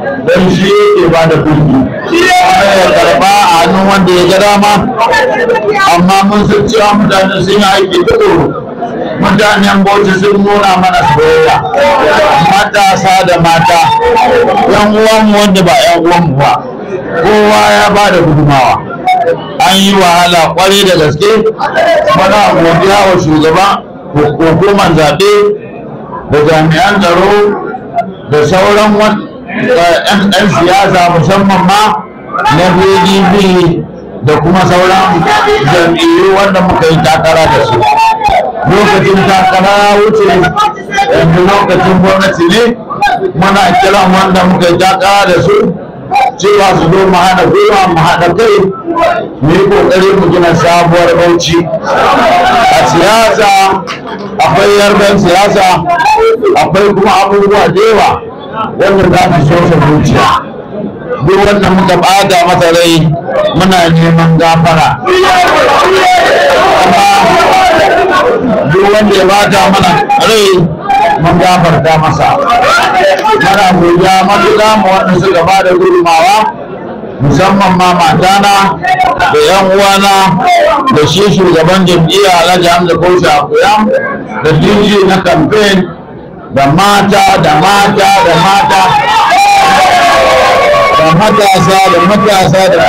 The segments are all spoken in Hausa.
don shi yake ba da kuɗi kuma ya karɓa a hannun wanda ya ga dama amma mun san cewa mutane sun yi aiki tukuru mutanen bauchi sun nuna mana soyayya matasa da mata yan uwanmu wanda ba yan uwanmu ba kowa ya ba da gudumawa an yi wahala kwarai da gaske mana godiya wa shugaba hukumar zaɓe da jami'an tsaro da sauran wani 'yan siyasa musamman ma na pdp da kuma sauran jam'iyyu wanda muka yi takara da su lokacin takara wuce yanzu lokacin gwamnati ne muna kiran wanda muka yi takara da su cewa su zo mu haɗa gwiwa mu haɗa kai mu yi ƙoƙari mu gina sabuwar bauchi a siyasa akwai yarban siyasa akwai kuma abubuwa da yawa wanda za mu so ta zuciya duk wanda muka bada masa rai muna neman gafara duk wanda ya bada mana rai mun gafarta masa muna goya matuƙa ma wanda suka bada gudumawa musamman ma matana da yan uwana da shi shugaban jam'iyya alhaji hamza bauchi a da dj na kamfen. da mata da mata da mata da matasa da matasa da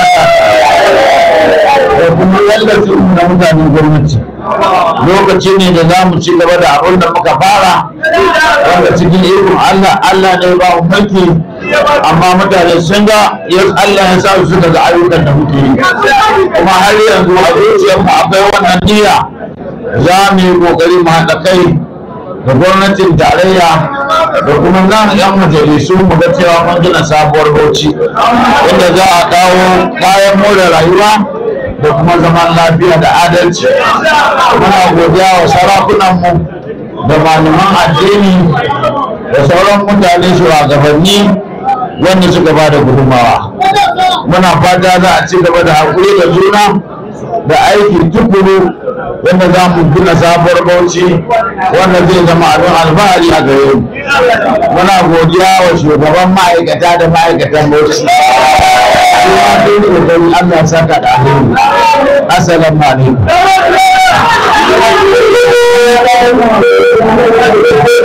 da kuma wallafi na mutanen gwamnati lokaci ne da za mu ci gaba da abin da muka fara wanda cikin ikon Allah Allah ne ba mu mulki amma mutane sun ga Allah ya sa su daga ayyukan da muke yi kuma har yanzu a mu akwai wannan niyya za mu yi kokari mu haɗa kai da gwamnatin tarayya da kuma nan yan majalisu mu ga cewa mun gina sabuwar bauchi inda za a kawo kayan more rayuwa da kuma zaman lafiya da adalci muna godiya wa sarakunanmu da malaman addini da sauran mutane shugabanni wanda suka ba da gudunmawa muna fata za a ci gaba da haƙuri da juna da aiki tukuru wanda za mu gina sabuwar bauchi wanda zai zama abin alfahari a gare mu muna godiya wa shugaban ma'aikata da ma'aikatan bauchi kuma da Allah saka da alheri assalamu alaikum